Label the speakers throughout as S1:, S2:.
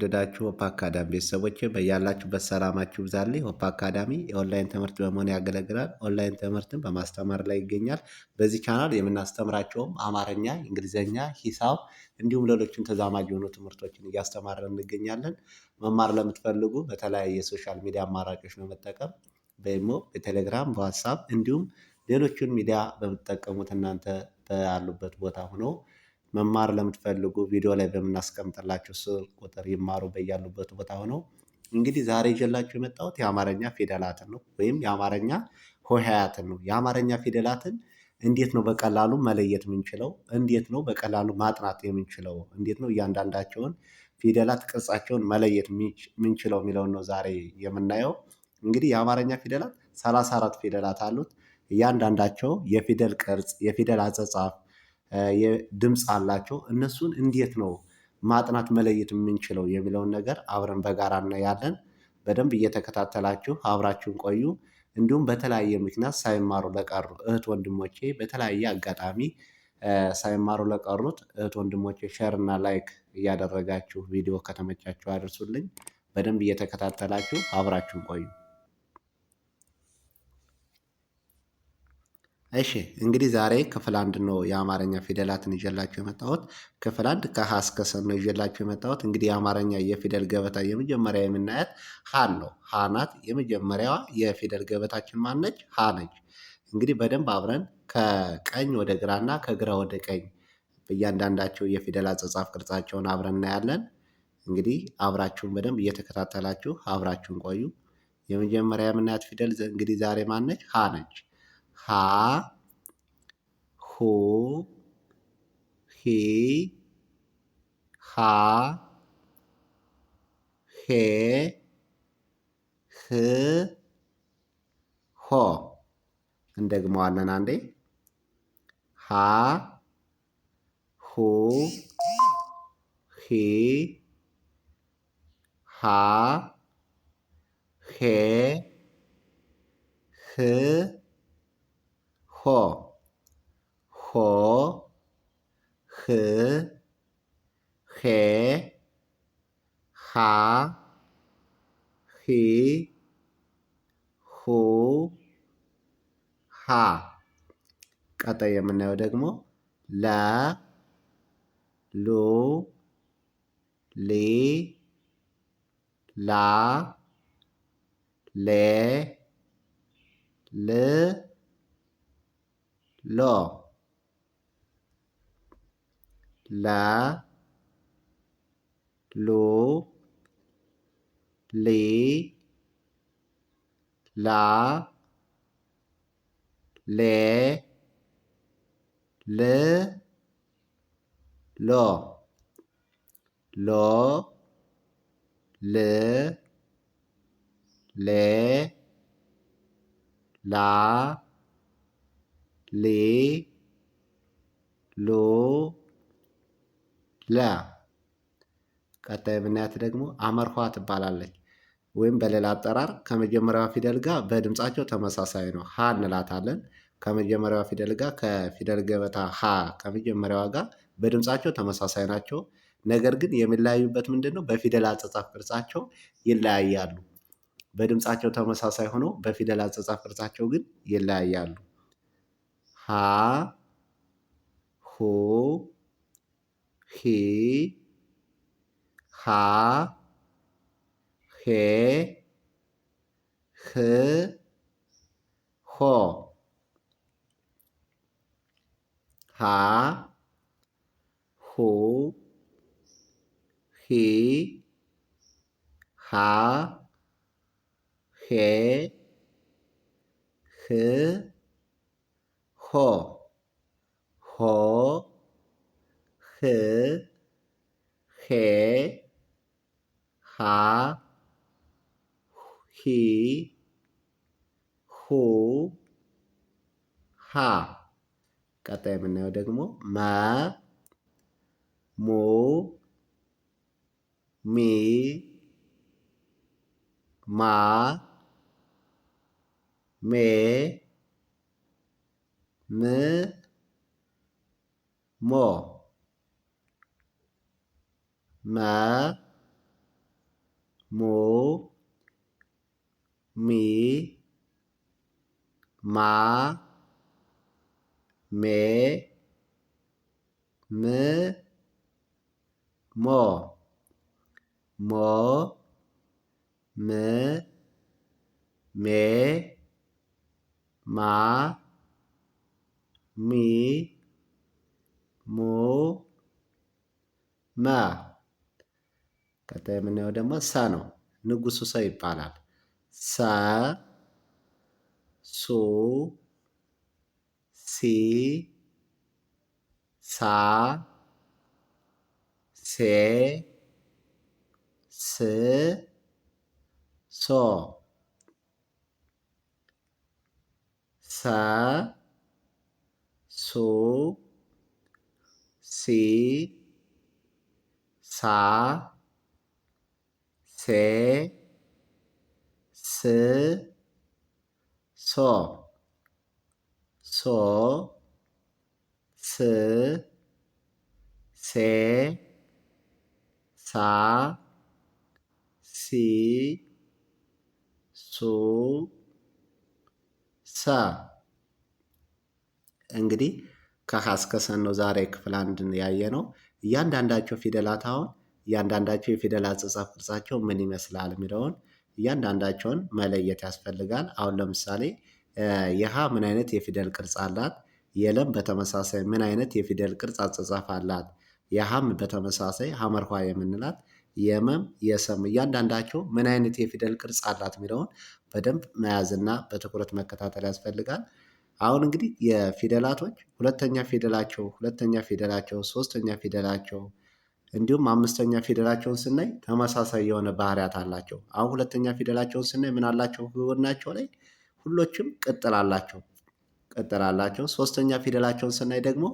S1: የተወደዳችሁ ኦፓ አካዳሚ ቤተሰቦች በያላችሁበት ሰላማችሁ ብዛልኝ። ኦፓ አካዳሚ የኦንላይን ትምህርት በመሆን ያገለግላል። ኦንላይን ትምህርትን በማስተማር ላይ ይገኛል። በዚህ ቻናል የምናስተምራቸውም አማርኛ፣ እንግሊዝኛ፣ ሂሳብ እንዲሁም ሌሎችን ተዛማጅ የሆኑ ትምህርቶችን እያስተማረ እንገኛለን። መማር ለምትፈልጉ በተለያየ የሶሻል ሚዲያ አማራጮች በመጠቀም በኢሞ፣ በቴሌግራም፣ በዋትሳፕ እንዲሁም ሌሎችን ሚዲያ በምትጠቀሙት እናንተ ያሉበት ቦታ ሆኖ መማር ለምትፈልጉ ቪዲዮ ላይ በምናስቀምጥላቸው ስር ቁጥር ይማሩ በያሉበት ቦታ ሆነው። እንግዲህ ዛሬ ይዤላችሁ የመጣሁት የአማርኛ ፊደላትን ነው ወይም የአማርኛ ሆሄያትን ነው። የአማርኛ ፊደላትን እንዴት ነው በቀላሉ መለየት የምንችለው? እንዴት ነው በቀላሉ ማጥናት የምንችለው? እንዴት ነው እያንዳንዳቸውን ፊደላት ቅርጻቸውን መለየት የምንችለው የሚለውን ነው ዛሬ የምናየው። እንግዲህ የአማርኛ ፊደላት ሰላሳ አራት ፊደላት አሉት። እያንዳንዳቸው የፊደል ቅርጽ፣ የፊደል አጸጻፍ ድምፅ አላቸው እነሱን እንዴት ነው ማጥናት መለየት የምንችለው የሚለውን ነገር አብረን በጋራ እናያለን። በደንብ እየተከታተላችሁ አብራችሁን ቆዩ። እንዲሁም በተለያየ ምክንያት ሳይማሩ ለቀሩ እህት ወንድሞቼ በተለያየ አጋጣሚ ሳይማሩ ለቀሩት እህት ወንድሞቼ ሼር እና ላይክ እያደረጋችሁ ቪዲዮ ከተመቻችሁ አድርሱልኝ። በደንብ እየተከታተላችሁ አብራችሁን ቆዩ። እሺ እንግዲህ ዛሬ ክፍል አንድ ነው የአማርኛ ፊደላትን ይዤላችሁ የመጣሁት ክፍል አንድ ከሀ እስከ ሰ ነው ይዤላችሁ የመጣሁት። እንግዲህ የአማርኛ የፊደል ገበታ የመጀመሪያ የምናያት ሀን ነው። ሀ ናት የመጀመሪያዋ የፊደል ገበታችን ማነች? ሀ ነች። እንግዲህ በደንብ አብረን ከቀኝ ወደ ግራና ከግራ ወደ ቀኝ እያንዳንዳቸው የፊደል አጸጻፍ ቅርጻቸውን አብረን እናያለን። እንግዲህ አብራችሁን በደንብ እየተከታተላችሁ አብራችሁን ቆዩ። የመጀመሪያ የምናያት ፊደል እንግዲህ ዛሬ ማነች? ሀ ነች። ሀ ሁ ሂ ሃ ሄ ህ ሆ እንደግመዋለን አንዴ ሀ ሁ ሂ ሃ ሄ ህ ሆ ሆ ህ ሄ ሃ ሂ ሁ ሃ ቀጣይ የምናየው ደግሞ ለ ሉ ሊ ላ ሌ ል ሎ ለ ሉ ሊ ላ ሌ ል ሎ ሎ ል ሌ ላ ሌ ሎ ለ። ቀጣይ የምናያት ደግሞ አመርኋ ትባላለች። ወይም በሌላ አጠራር ከመጀመሪያዋ ፊደል ጋር በድምፃቸው ተመሳሳይ ነው። ሀ እንላታለን። ከመጀመሪያዋ ፊደል ጋር ከፊደል ገበታ ሀ ከመጀመሪያዋ ጋር በድምፃቸው ተመሳሳይ ናቸው። ነገር ግን የሚለያዩበት ምንድን ነው? በፊደል አጸጻፍ ቅርጻቸው ይለያያሉ። በድምፃቸው ተመሳሳይ ሆነው በፊደል አጸጻፍ ቅርጻቸው ግን ይለያያሉ። ሀ ሁ ሂ ሃ ሄ ህ ሆ ሃ ሁ ሂ ሃ ሄ ህ ko ho h he ha hi hu ha ก็เต็มแนวเด็กมูมามูมีมาเม ሞ መ ሙ ሚ ማ ሜ ም ሞ ሞ ም ሜ ማ mi mo ma kata yang menewa dama sa no nugusu sa pala sa so si sa se se so sa ሱ ሲ ሳ ሴ ስ ሶ ሶ ስ ሴ ሳ ሲ ሱ ሰ እንግዲህ ከሀ እስከ ሰን ነው ዛሬ ክፍል አንድን ያየ ነው። እያንዳንዳቸው ፊደላት አሁን እያንዳንዳቸው የፊደል አጻጻፍ ቅርጻቸው ምን ይመስላል የሚለውን እያንዳንዳቸውን መለየት ያስፈልጋል። አሁን ለምሳሌ የሀ ምን አይነት የፊደል ቅርጽ አላት? የለም በተመሳሳይ ምን አይነት የፊደል ቅርጽ አጻጻፍ አላት? የሀም በተመሳሳይ ሀመርኳ የምንላት የመም የሰም እያንዳንዳቸው ምን አይነት የፊደል ቅርጽ አላት የሚለውን በደንብ መያዝና በትኩረት መከታተል ያስፈልጋል። አሁን እንግዲህ የፊደላቶች ሁለተኛ ፊደላቸው ሁለተኛ ፊደላቸው ሶስተኛ ፊደላቸው እንዲሁም አምስተኛ ፊደላቸውን ስናይ ተመሳሳይ የሆነ ባህሪያት አላቸው። አሁን ሁለተኛ ፊደላቸውን ስናይ ምን አላቸው? ናቸው ላይ ሁሎችም ቅጥል አላቸው ቅጥል አላቸው። ሶስተኛ ፊደላቸውን ስናይ ደግሞ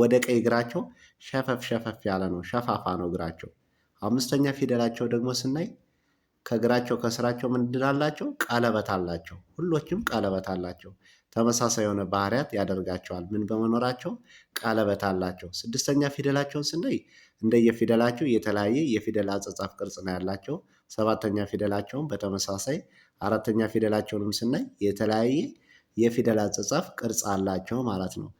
S1: ወደ ቀኝ እግራቸው ሸፈፍ ሸፈፍ ያለ ነው፣ ሸፋፋ ነው እግራቸው። አምስተኛ ፊደላቸው ደግሞ ስናይ ከእግራቸው ከስራቸው ምንድን አላቸው? ቀለበት አላቸው። ሁሎችም ቀለበት አላቸው። ተመሳሳይ የሆነ ባህሪያት ያደርጋቸዋል። ምን በመኖራቸው ቀለበት አላቸው። ስድስተኛ ፊደላቸውን ስናይ እንደየፊደላቸው የተለያየ የፊደል አጸጻፍ ቅርጽ ነው ያላቸው። ሰባተኛ ፊደላቸውን በተመሳሳይ አራተኛ ፊደላቸውንም ስናይ የተለያየ የፊደል አጸጻፍ ቅርጽ አላቸው ማለት ነው።